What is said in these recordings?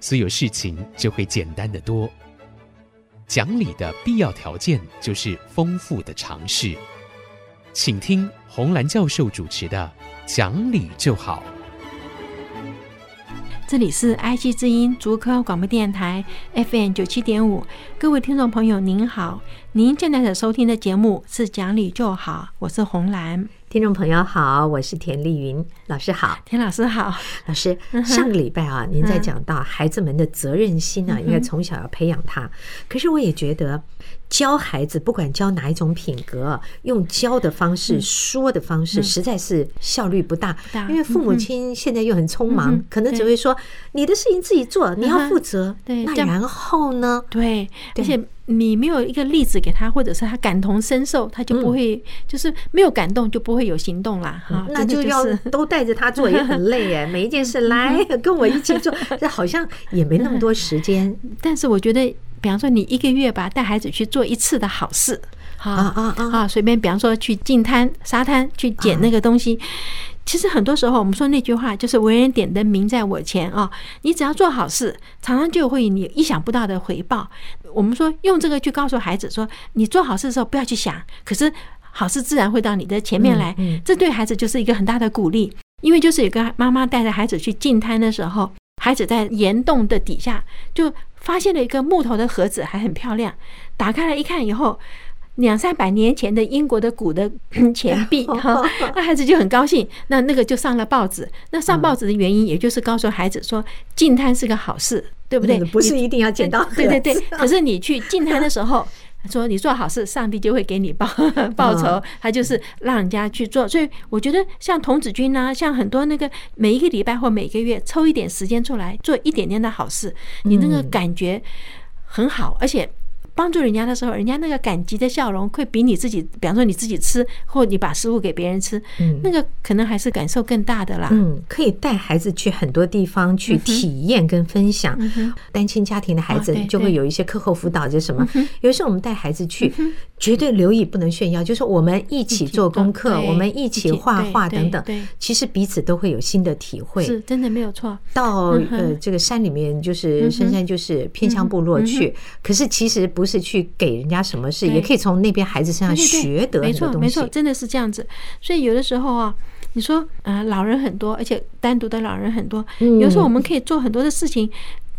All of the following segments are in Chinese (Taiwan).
所有事情就會簡單得多。講理的必要條件就是豐富的常識。請聽洪蘭教授主持的《講理就好》。這裡是 IC 之音竹科廣播電台 FM 九七點五，各位聽眾朋友您好，您現在所收聽的節目是《講理就好》，我是洪蘭。聽眾朋友好，我是田麗雲老師好，田老師好，老師上個禮拜啊、uh-huh. 您在講到孩子們的責任心啊，應該從小要培養他。可是我也覺得教孩子不管教哪一種品格，用教的方式、說的方式，實在是效率不大，因為父母親現在又很匆忙，可能只會說你的事情自己做，你要負責。那然後呢、uh-huh.？Yeah. 嗯、對，而且。你沒有一個例子給他，或者是他感同身受，他就不會，嗯、就是沒有感動就不會有行動啦。哈、嗯就是，那就要都帶着他做，也很累 每一件事來跟我一起做， 這好像也沒那麼多時間、嗯。但是我覺得，比方說你一個月吧，帶孩子去做一次的好事，啊、嗯嗯嗯嗯、啊！隨、嗯、便、啊啊啊啊啊啊啊，比方說去淨灘沙灘去撿那個東西。啊啊其實很多時候，我們說那句話就是“為人點燈，明在我前”啊！你只要做好事，常常就會有你意想不到的回報。我們說用這個去告訴孩子說，你做好事的時候不要去想，可是好事自然會到你的前面來。這對孩子就是一個很大的鼓勵。因為就是有個媽媽帶着孩子去淨灘的時候，孩子在岩洞的底下就發現了一個木頭的盒子，還很漂亮。打開了一看以後。兩三百年前的英國的古的錢幣哈， 那孩子就很高興。那那個就上了報紙。那上報紙的原因，也就是告訴孩子說，淨灘是個好事，嗯，對不對？不是一定要撿到。對對對。對對對 可是你去淨灘的時候，說你做好事，上帝就會給你報 報酬。他就是讓人家去做。嗯，所以我覺得，像童子軍吶，啊，像很多那個每一個禮拜或每個月抽一點時間出來做一點點的好事，你那個感覺很好，嗯，而且。幫助人家的時候，人家那個感激的笑容，會比你自己，比方說你自己吃，或你把食物給別人吃，嗯，那個可能還是感受更大的啦、嗯。可以帶孩子去很多地方去體驗跟分享。嗯、單親家庭的孩子就會有一些課後輔導，就是什麼，嗯、有時候我們帶孩子去，嗯、絕對留意不能炫耀，嗯，就是我們一起做功課，嗯、我們一起畫畫等等、嗯嗯。其實彼此都會有新的體會，是真的沒有錯。嗯、到呃這個山裡面，就是、嗯、深山，就是偏鄉部落去，嗯嗯、可是其實不。就是去給人家什麼事，也可以從那邊孩子身上學得東西。沒錯，沒錯，真的是這樣子。所以有的時候啊、哦，你說，呃，老人很多，而且單獨的老人很多。嗯，有時候我們可以做很多的事情。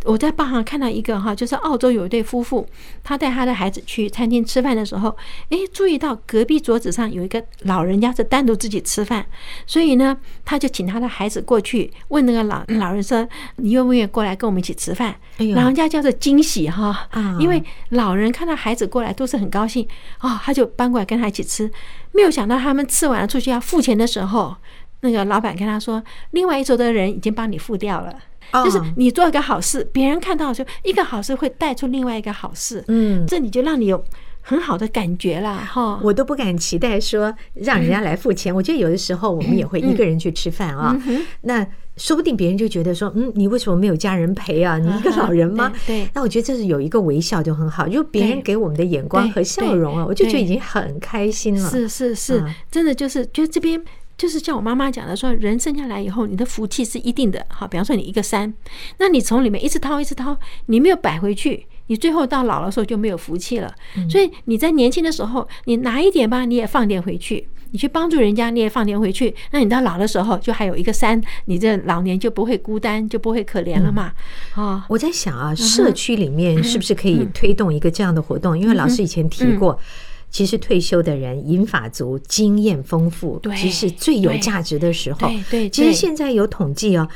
我在報上看到一個哈，就是澳洲有一對夫婦，他帶他的孩子去餐廳吃飯的時候，誒，注意到隔壁桌子上有一個老人家是單獨自己吃飯，所以呢，他就請他的孩子過去，問那個老老人說：“你願不願意過來跟我們一起吃飯？”老人家叫做驚喜哈，因為老人看到孩子過來都是很高興哦，他就搬過來跟他一起吃。沒有想到他們吃完了出去要付錢的時候，那個老闆跟他說：“另外一桌的人已經幫你付掉了。”哦、就是你做一個好事，別人看到的時候，一個好事會帶出另外一個好事，嗯，這你就讓你有很好的感覺啦。哈，我都不敢期待說讓人家來付錢、嗯。我覺得有的時候我們也會一個人去吃飯啊、嗯嗯嗯，那說不定別人就覺得說，嗯，你為什麼沒有家人陪啊？你一個老人嗎？嗯、對，對。那我覺得這是有一個微笑就很好，就別人給我們的眼光和笑容啊，我就覺得已經很開心了。是是是、嗯，真的就是覺得這邊。就是像我媽媽講的，說人生下來以後，你的福氣是一定的。好，比方說你一個山，那你從裡面一直掏一直掏，你沒有擺回去，你最後到老的時候就沒有福氣了。所以你在年輕的時候，你拿一點吧，你也放點回去，你去幫助人家，你也放點回去，那你到老的時候就還有一個山，你這老年就不會孤單，就不會可憐了嘛。啊，我在想啊，社區裡面是不是可以推動一個這樣的活動？因為老師以前提過、嗯。嗯嗯其實退休的人，銀髮族，經驗豐富，其實是最有價值的時候。對，其實現在有統計哦，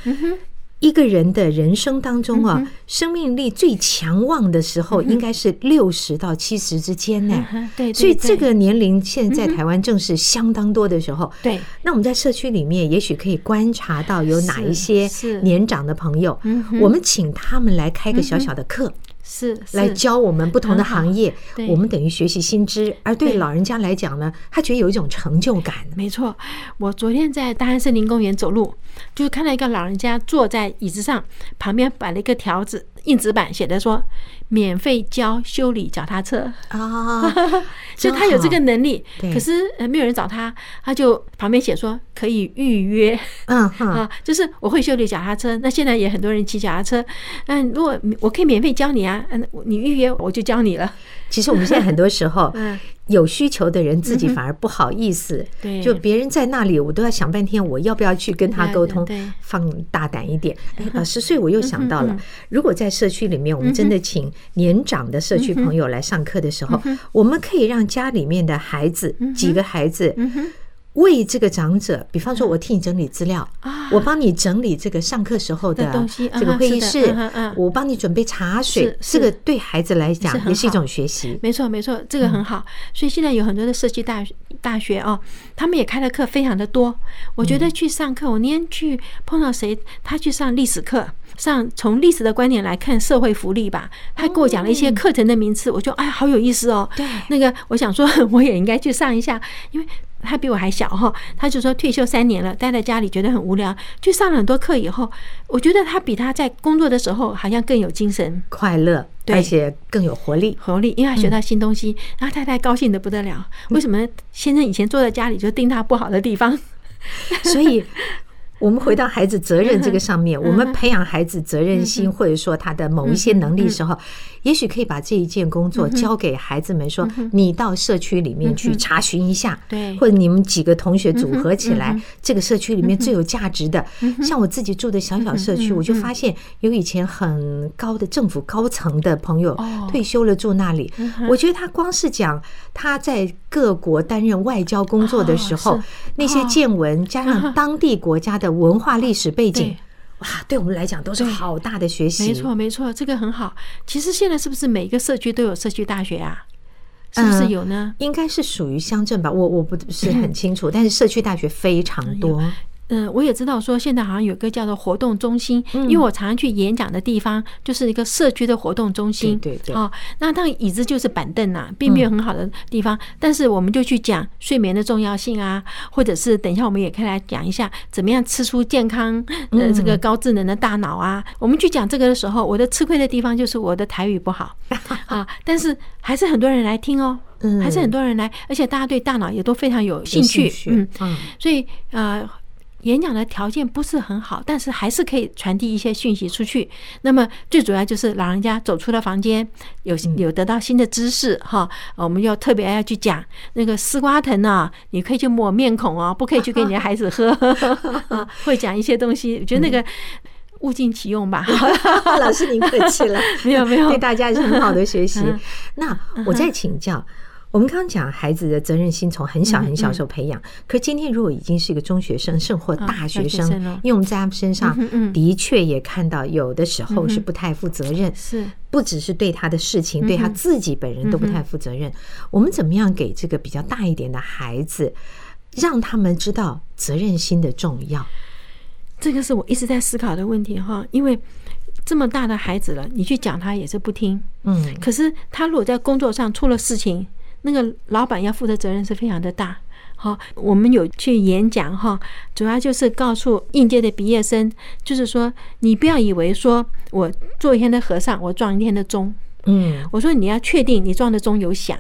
一個人的人生當中啊，生命力最強旺的時候，應該是六十到七十之間呢。對，所以這個年齡現在，在台灣正是相當多的時候。對，那我們在社區裡面，也許可以觀察到有哪一些年長的朋友，我們請他們來開個小小的課。是，來教我們不同的行業，我們等於學習新知，對。而對老人家來講呢，他覺得有一種成就感。沒錯，我昨天在大安森林公園走路，就看到一個老人家坐在椅子上，旁邊擺了一個條子。硬紙板寫的說，免費教修理腳踏車啊、哦，所以他有這個能力，可是沒有人找他，他就旁邊寫說可以預約，嗯哈、啊、就是我會修理腳踏車，那現在也很多人騎腳踏車，嗯，如果我可以免費教你啊，嗯，你預約我就教你了。其實我們現在很多時候嗯，嗯。有需求的人自己反而不好意思，就別人在那裡，我都要想半天，我要不要去跟他溝通，放大膽一點。呃，十歲我又想到了，如果在社區裡面，我們真的請年長的社區朋友來上課的時候，我們可以讓家裡面的孩子，幾個孩子。為這個長者，比方說，我替你整理資料、嗯、啊，我幫你整理這個上課時候的東西，這個會議室、啊是啊是啊，我幫你準備茶水是是，這個對孩子來講也是一種學習。沒錯，沒錯，這個很好。所以現在有很多的社區大、嗯、大學哦，他們也開了課非常的多。我覺得去上課、嗯，我那天去碰到誰，他去上歷史課，上從歷史的觀點來看社會福利吧，他給我講了一些課程的名詞、嗯，我就哎，好有意思哦。對，那個我想說，我也應該去上一下，因為。他比我還小哈，他就說退休三年了，待在家裡覺得很無聊，就上了很多課以後，我覺得他比他在工作的時候好像更有精神、快樂，而且更有活力、活力，因為他學到新東西，嗯、然後太太高興得不得了。為什麼先生以前坐在家裡就盯他不好的地方？嗯、 所以，我們回到孩子責任這個上面，嗯嗯、我們培養孩子責任心、嗯、或者說他的某一些能力的時候。嗯也許可以把這一件工作交給孩子們，說你到社區裡面去查詢一下，對，或者你們幾個同學組合起來，這個社區裡面最有價值的。像我自己住的小小社區，我就發現有以前很高的政府高層的朋友退休了住那裡，我覺得他光是講他在各國擔任外交工作的時候那些見聞，加上當地國家的文化歷史背景。哇，對我們來講都是好大的學習。沒錯，沒錯，這個很好。其實現在是不是每一個社區都有社區大學啊？是不是有呢？嗯、應該是屬於鄉鎮吧，我我不是很清楚。但是社區大學非常多。嗯，我也知道說現在好像有個叫做活動中心，因為我常常去演講的地方就是一個社區的活動中心。對對。那當然椅子就是板凳吶、啊，並沒有很好的地方，但是我們就去講睡眠的重要性啊，或者是等一下我們也可以來講一下怎麼樣吃出健康的這個高智能的大腦啊。我們去講這個的時候，我的吃虧的地方就是我的台語不好啊，但是還是很多人來聽哦，還是很多人來，而且大家對大腦也都非常有興趣，嗯嗯，所以呃。演講的條件不是很好，但是還是可以傳遞一些訊息出去。那麼最主要就是老人家走出了房間，有有得到新的知識哈、嗯。我們要特別要去講那個絲瓜藤啊，你可以去抹面孔哦，不可以去給你的孩子喝。啊、呵呵會講一些東西，嗯、我覺得那個物盡其用吧。嗯、呵呵老師您客氣了，沒有沒有，對大家是很好的學習。啊、那我再請教。啊啊啊我們剛講孩子的責任心從很小很小時候培養，可今天如果已經是一個中學生，甚或大學生，用在他們身上的確也看到，有的時候是不太負責任，不只是對他的事情，對他自己本人都不太負責任。我們怎麼樣給這個比較大一點的孩子，讓他們知道責任心的重要？這個是我一直在思考的問題哈，因為這麼大的孩子了，你去講他也是不聽，嗯，可是他如果在工作上出了事情，那個老闆要負的責，責任是非常的大，好，我們有去演講哈，主要就是告訴應屆的畢業生，就是說你不要以為說我做一天的和尚，我撞一天的鐘，嗯，我說你要確定你撞的鐘有響，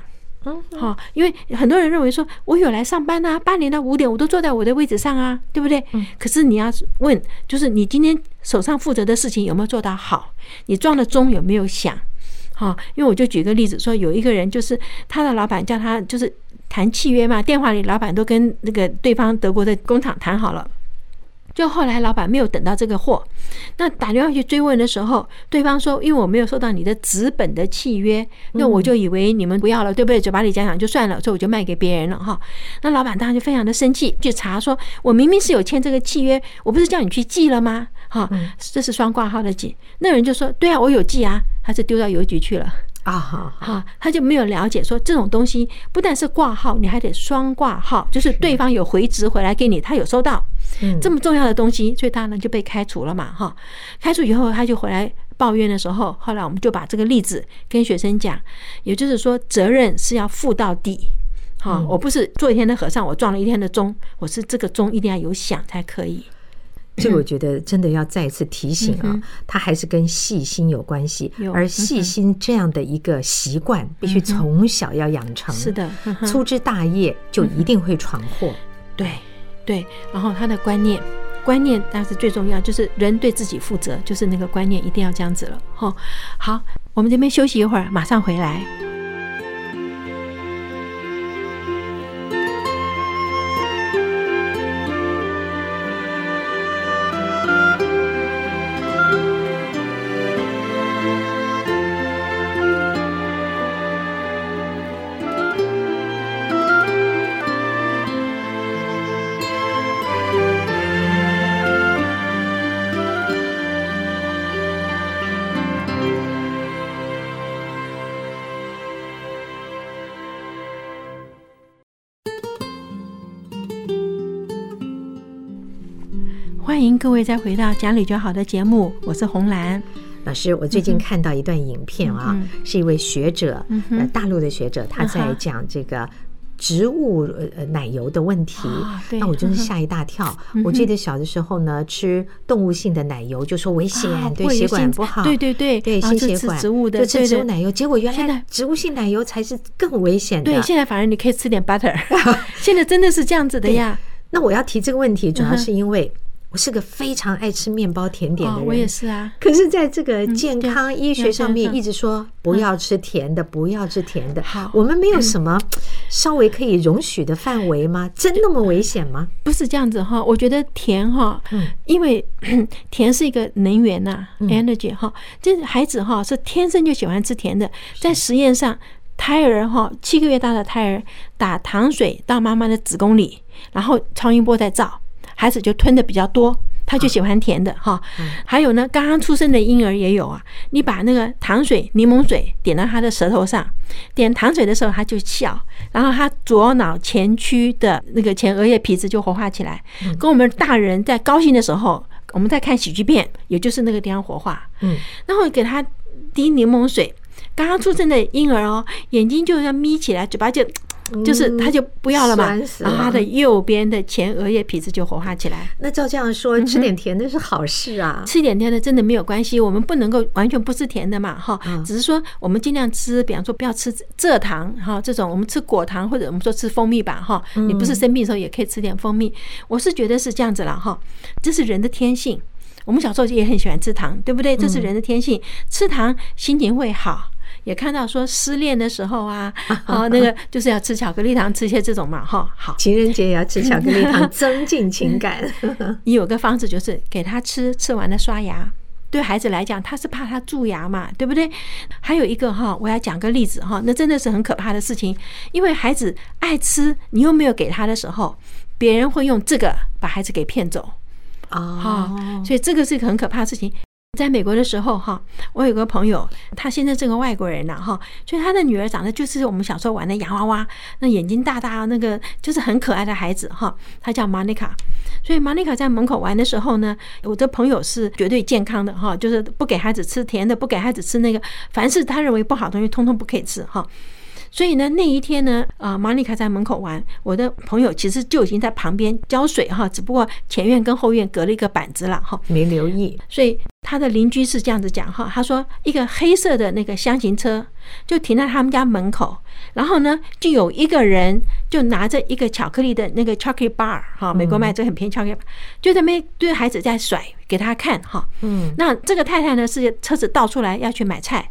嗯，好、嗯，因為很多人認為說我有來上班吶、啊，八點到五點我都坐在我的位置上啊，對不對？嗯、可是你要問，就是你今天手上負責的事情有沒有做到好，你撞的鐘有沒有響？啊，因為我就舉個例子，說有一個人，就是他的老闆叫他就是談契約嘛，電話裡老闆都跟那個對方德國的工廠談好了，就後來老闆沒有等到這個貨，那打電話去追問的時候，對方說，因為我沒有收到你的紙本的契約，那我就以為你們不要了，對不對？嘴巴裡講講就算了，所以我就賣給別人了哈。那老闆當時就非常的生氣，去查說，我明明是有簽這個契約，我不是叫你去寄了嗎？哈，這是雙掛號的寄，那人就說：“對啊，我有寄啊，他是丟到郵局去了啊哈。”哈，他就沒有了解說這種東西，不但是掛號，你還得雙掛號，就是對方有回執回來給你，他有收到。這麼重要的東西，所以他呢就被開除了嘛，哈。開除以後，他就回來抱怨的時候，後來我們就把這個例子跟學生講，也就是說，責任是要負到底。哈，我不是做一天的和尚，我撞了一天的鐘，我是這個鐘一定要有響才可以。這我覺得真的要再一次提醒啊、哦，他 還是跟細心有關係， 而細心這樣的一個習慣必須從小要養成。 是的，粗枝 大葉就一定會闖禍。 對，對。然後他的觀念，觀念當然是最重要，就是人對自己負責，就是那個觀念一定要這樣子了。吼，好，好，我們這邊休息一會兒，馬上回來。歡迎各位再回到《講理就好》的節目，我是洪蘭老師。我最近看到一段影片啊，是一位學者，嗯，大陸的學者，他在講這個植物呃奶油的問題。那我真是嚇一大跳。我記得小的時候呢，吃動物性的奶油就說危險，對血管不好，對對對，對心血管。植物的，植物奶油，結果原來植物性奶油才是更危險的。對，現在反而你可以吃點 butter。現在真的是這樣子的呀？那我要提這個問題，主要是因為。我是個非常愛吃面包甜點的人，我也是啊。可是，在這個健康醫學上面，一直說不要吃甜的，不要吃甜的。好，我們沒有什麼稍微可以容許的範圍嗎？真那麼危險嗎、哦？不是這樣子哈。我覺得甜哈，因為咳咳甜是一個能源吶、啊、，energy 哈、嗯嗯。孩子哈是天生就喜歡吃甜的。在實驗上，胎兒哈七個月大的胎兒打糖水到媽媽的子宮裡，然後超音波在照。孩子就吞的比較多，他就喜歡甜的哈。還有呢，剛剛出生的嬰兒也有啊。你把那個糖水、檸檬水點到他的舌頭上，點糖水的時候他就笑，然後他左腦前區的那個前額葉皮質就活化起來，跟我們大人在高興的時候，我們在看喜劇片，也就是那個地方活化。嗯。然後給他滴檸檬水，剛剛出生的嬰兒哦、喔，眼睛就要眯起來，嘴巴就。嗯、就是他就不要了嘛，然後他的右邊的前額葉皮質就活化起來。那照這樣說，吃點甜的是好事啊、嗯。吃點甜的真的沒有關係，我們不能夠完全不吃甜的嘛，哈。只是說我們儘量吃，比方說不要吃蔗糖，哈，這種我們吃果糖或者我們說吃蜂蜜吧，哈。你不是生病的時候也可以吃點蜂蜜。嗯、我是覺得是這樣子了，哈。這是人的天性，我們小時候也很喜歡吃糖，對不對？這是人的天性，吃糖心情會好。也看到說失戀的時候啊，啊、 哦、那個就是要吃巧克力糖，吃一些這種嘛哈、哦。好，情人節也要吃巧克力糖， 增進情感。你 有個方式就是給他吃，吃完了刷牙。對孩子來講，他是怕他蛀牙嘛，對不對？還有一個哈，我要講個例子哈，那真的是很可怕的事情，因為孩子愛吃，你又沒有給他的時候，別人會用這個把孩子給騙走啊、oh. 哦。所以這個是一個很可怕的事情。在美國的時候，哈，我有個朋友，他現在是個外國人了，哈，所以他的女兒長得就是我們小時候玩的洋娃娃，那眼睛大大，那個就是很可愛的孩子，哈，她叫瑪尼卡。所以瑪尼卡在門口玩的時候呢，我的朋友是絕對健康的，哈，就是不給孩子吃甜的，不給孩子吃那個，凡是他認為不好的東西，通通不可以吃，哈。所以呢，那一天呢，啊，瑪麗卡在門口玩，我的朋友其實就已經在旁邊澆水哈，只不過前院跟後院隔了一個板子了哈，沒留意。所以他的鄰居是這樣子講哈，他說一個黑色的那個箱型車就停在他們家門口。然後呢，就有一個人就拿着一個巧克力的那個 chocolate bar 哈、嗯，美國賣這個很便宜巧克力，就在那邊對孩子在甩給他看哈。嗯，那這個太太呢是車子倒出來要去買菜，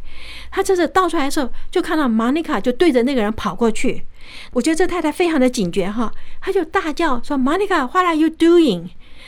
她車子倒出來的時候就看到 Monica 就對着那個人跑過去。我覺得這太太非常的警覺哈，她就大叫說：“Monica，what are you doing？”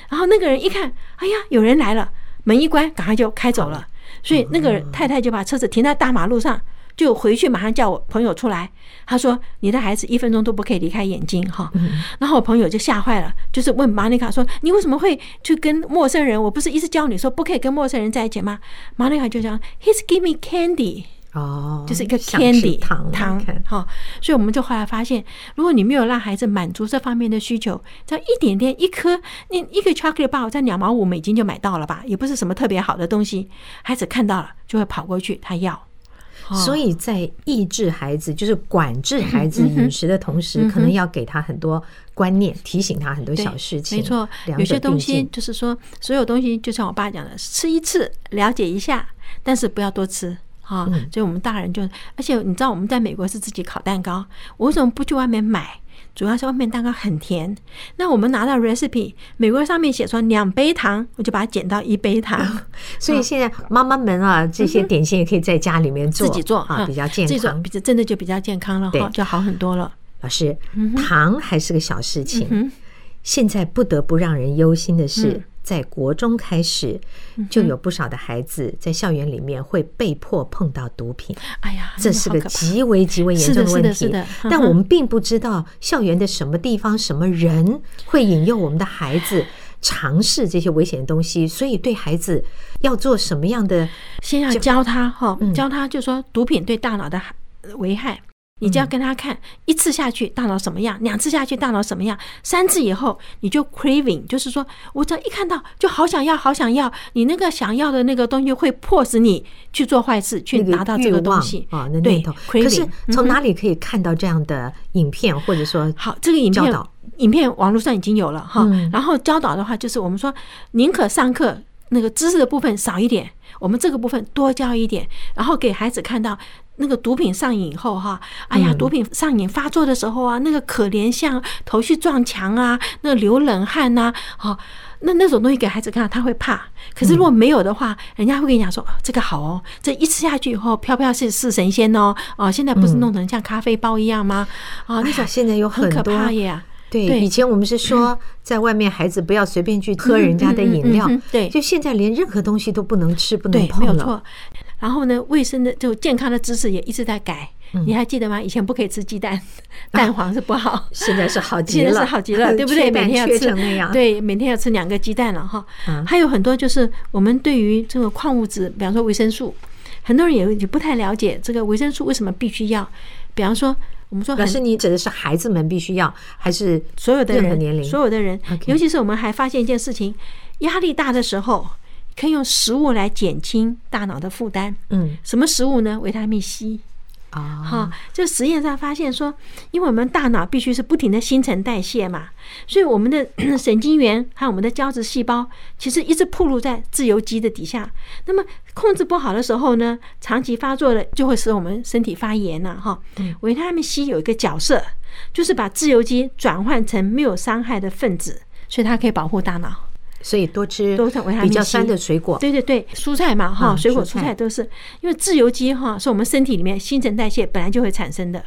然後那個人一看，哎呀，有人來了，門一關，趕快就開走了。所以那個太太就把車子停在大馬路上。就回去馬上叫我朋友出來，他說你的孩子一分鐘都不可以離開眼睛哈，然後我朋友就嚇壞了，就是問瑪尼卡說你為什麼會去跟陌生人？我不是一直教你說不可以跟陌生人在一起嗎？瑪尼卡就說 He's giving me candy 哦，就是一個 candy 糖糖哈，okay. 所以我們就後來發現，如果你沒有讓孩子滿足這方面的需求，只要一點點，一顆，你一個 chocolate bar 在兩毛五美金就買到了吧，也不是什麼特別好的東西，孩子看到了就會跑過去，他要。所以在抑制孩子，就是管制孩子飲食的同時，嗯嗯嗯嗯，可能要給他很多觀念，提醒他很多小事情。沒錯，有些東西就是說，所有東西就像我爸講的，吃一次了解一下，但是不要多吃啊，哦嗯。所以我們大人就，而且你知道我們在美國是自己烤蛋糕，我為什麼不去外面買？主要是外面蛋糕很甜，那我們拿到 recipe，美國上面寫說兩杯糖，我就把它減到一杯糖。嗯、所以現在媽媽們啊、嗯，這些點心也可以在家裡面做，自己做啊，比較健康，比、嗯、這真的就比較健康了，對，就好很多了。老師，糖還是個小事情，嗯、現在不得不讓人憂心的是。嗯在國中開始，就有不少的孩子在校園裡面會被迫碰到毒品。哎呀，這是個極為極為嚴重的問題。是的，但我們並不知道校園的什麼地方、什麼人會引誘我們的孩子嘗試這些危險的東西，所以對孩子要做什麼樣的，先要教他哈，教他就是說毒品對大腦的危害。你就要跟他看一次下去，大腦什麼樣？兩次下去，大腦什麼樣？三次以後，你就 craving，就是說我只要一看到就好想要，好想要，你那個想要的那個東西會迫使你去做壞事，去拿到這個東西。啊，那念頭。可是從、嗯、哪裡可以看到這樣的影片，或者說教導好這個影片？影片網絡上已經有了哈。然後教導的話，就是我們說，寧可上課那個知識的部分少一點，我們這個部分多教一點，然後給孩子看到。那個毒品上癮以後哈、啊，哎呀，毒品上癮發作的時候啊，那個可憐相頭去撞牆啊，那流冷汗吶，啊，啊，那那種東西給孩子看，他會怕。可是如果沒有的話，人家會跟你講說，這個好哦，這一吃下去以後，飄飄是是神仙哦，哦，現在不是弄成像咖啡包一樣嗎？啊，那種現在有很可怕耶。對，以前我們是說在外面孩子不要隨便去喝人家的飲料，對，就現在連任何東西都不能吃，不能碰了。對，沒有錯。然後呢，衛生的就健康的知識也一直在改，你還記得嗎？以前不可以吃雞蛋，蛋黃是不好，現在是好極了，好極了，對不對？每天要吃，對，每天要吃兩個雞蛋了哈。還有很多就是我們對於這個礦物質，比方說維生素，很多人也也不太了解這個維生素為什麼必須要，比方說。我們說，可是你指的是孩子們必須要，還是所有的人？任何年齡，所有的人。所有的人 Okay. 尤其是我們還發現一件事情：壓力大的時候，可以用食物來減輕大腦的負擔。嗯，什麼食物呢？維他命 C。啊，好，就實驗上發現說，因為我們大腦必須是不停的新陳代謝嘛，所以我們的神經元還有我們的膠質細胞，其實一直暴露在自由基的底下。那麼控制不好的時候呢，長期發作了就會使我們身體發炎了哈。維他命 C 有一個角色，就是把自由基轉換成沒有傷害的分子，所以它可以保護大腦。所以多吃比較酸的水果、嗯，對對對，蔬菜嘛哈，水果、蔬菜都是因為自由基哈，是我們身體裡面新陳代謝本來就會產生的。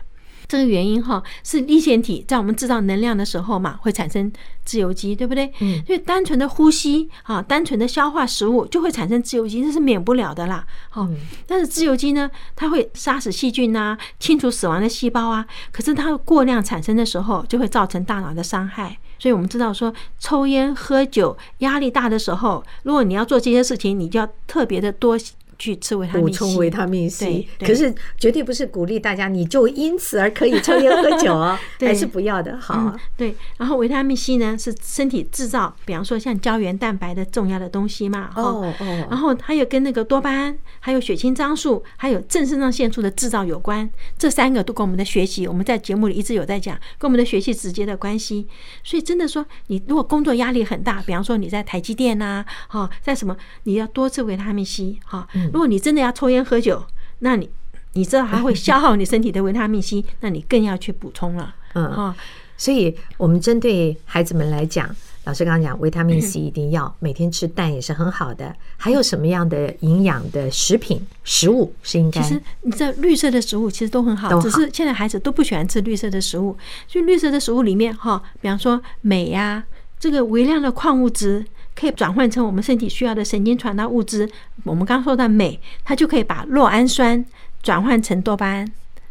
這個原因哈，是粒線體在我們制造能量的時候嘛，會產生自由基，對不對？因為單純的呼吸啊，單純的消化食物就會產生自由基，這是免不了的啦。好，但是自由基呢，它會殺死細菌吶、啊，清除死亡的細胞啊。可是它過量產生的時候，就會造成大腦的傷害。所以我們知道說，抽菸、喝酒、壓力大的時候，如果你要做這些事情，你就要特別的多。去吃維他命 C，補充維他命 C。對，對，可是絕對不是鼓勵大家你就因此而可以抽菸喝酒哦、啊、 還是不要的好、啊嗯。對，然後維他命 C 呢，是身體製造，比方說像膠原蛋白的重要的東西嘛。哦哦。然後它又跟那個多巴胺，還有血清張素，還有正腎上腺素的製造有關，這三個都跟我們的學習，我們在節目裡一直有在講，跟我們的學習直接的關係。所以真的說，你如果工作壓力很大，比方說你在台積電吶，哈，在什麼，你要多吃維他命 C 哈。如果你真的要抽煙喝酒，那你你知道還會消耗你身體的維他命 C， 那你更要去補充了。哦、嗯，哈，所以我們針對孩子們來講，老師剛剛講維他命 C 一定要 每天吃蛋也是很好的，還有什麼樣的營養的食品食物是應該？其實你這綠色的食物其實都很好，都好，只是現在孩子都不喜歡吃綠色的食物。就綠色的食物裡面哈、哦，比方說鎂呀、啊，這個微量的礦物質。可以轉換成我們身體需要的神經傳導物質。我們剛說到鎂，它就可以把酪氨酸轉換成多巴胺。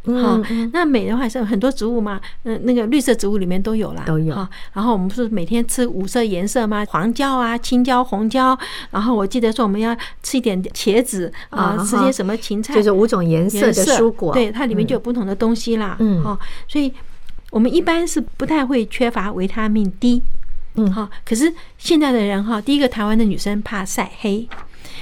嗯，那鎂的話是很多植物嘛，嗯，那個綠色植物裡面都有啦。都有。然後我們不是每天吃五色顏色嗎？黃椒啊，青椒、紅椒。然後我記得說我們要吃一點茄子啊，吃些什麼芹菜。就是五種顏色的蔬果。對，它裡面就有不同的東西啦。嗯。哦，所以我們一般是不太會缺乏維他命 D。嗯好。可是現在的人哈，第一個，台灣的女生怕曬黑，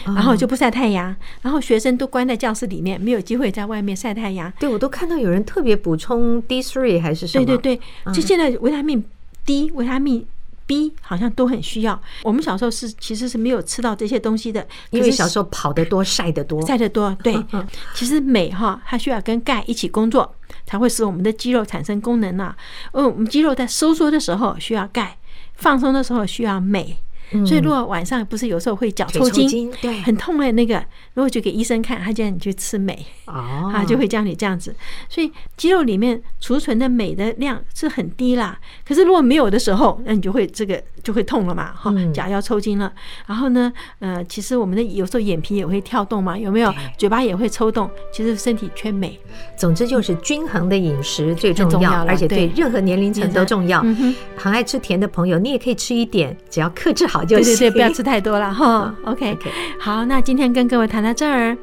然後就不曬太陽，嗯，然後學生都關在教室裡面，沒有機會在外面曬太陽。對，我都看到有人特別補充 D3 還是什麼？對對對，就現在維他命 D、嗯、維他命 B 好像都很需要。我們小時候是其實是沒有吃到這些東西的，因為小時候跑得多，曬得多，曬得多。對，呵呵其實鎂哈，它需要跟鈣一起工作，才會使我們的肌肉產生功能吶。嗯，我們肌肉在收縮的時候需要鈣。放鬆的時候需要鎂，嗯，所以如果晚上不是有時候會腳抽筋，對，很痛的那個。如果去給醫生看，他叫你去吃鎂、哦、啊，就會叫你這樣子。所以肌肉裡面儲存的鎂的量是很低啦。可是如果沒有的時候，那你就會這個就會痛了嘛，哈，假腰抽筋了。嗯、然後呢，呃，其實我們的有時候眼皮也會跳動嘛，有沒有？嘴巴也會抽動，其實身體缺鎂。總之就是均衡的飲食最重要，嗯、而且對任何年齡層都重要。很、嗯、愛吃甜的朋友，你也可以吃一點，只要克制好就是。對，對對，不要吃太多了哈。哦哦 okay, OK，好，那今天跟各位談。到這兒，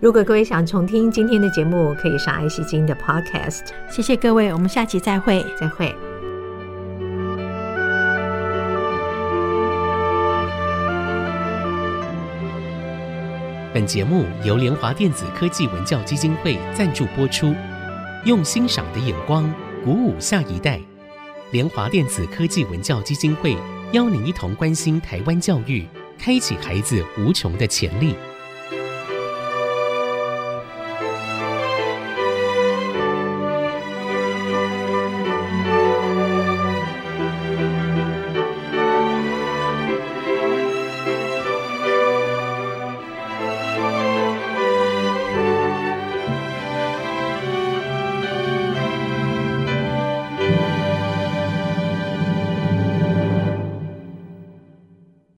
如果各位想重聽今天的節目，可以上 IC 之音的 Podcast。謝謝各位，我們下期再會，再會。本節目由聯華電子科技文教基金會贊助播出，用欣賞的眼光鼓舞下一代。聯華電子科技文教基金會邀您一同關心台灣教育，開啟孩子無窮的潛力。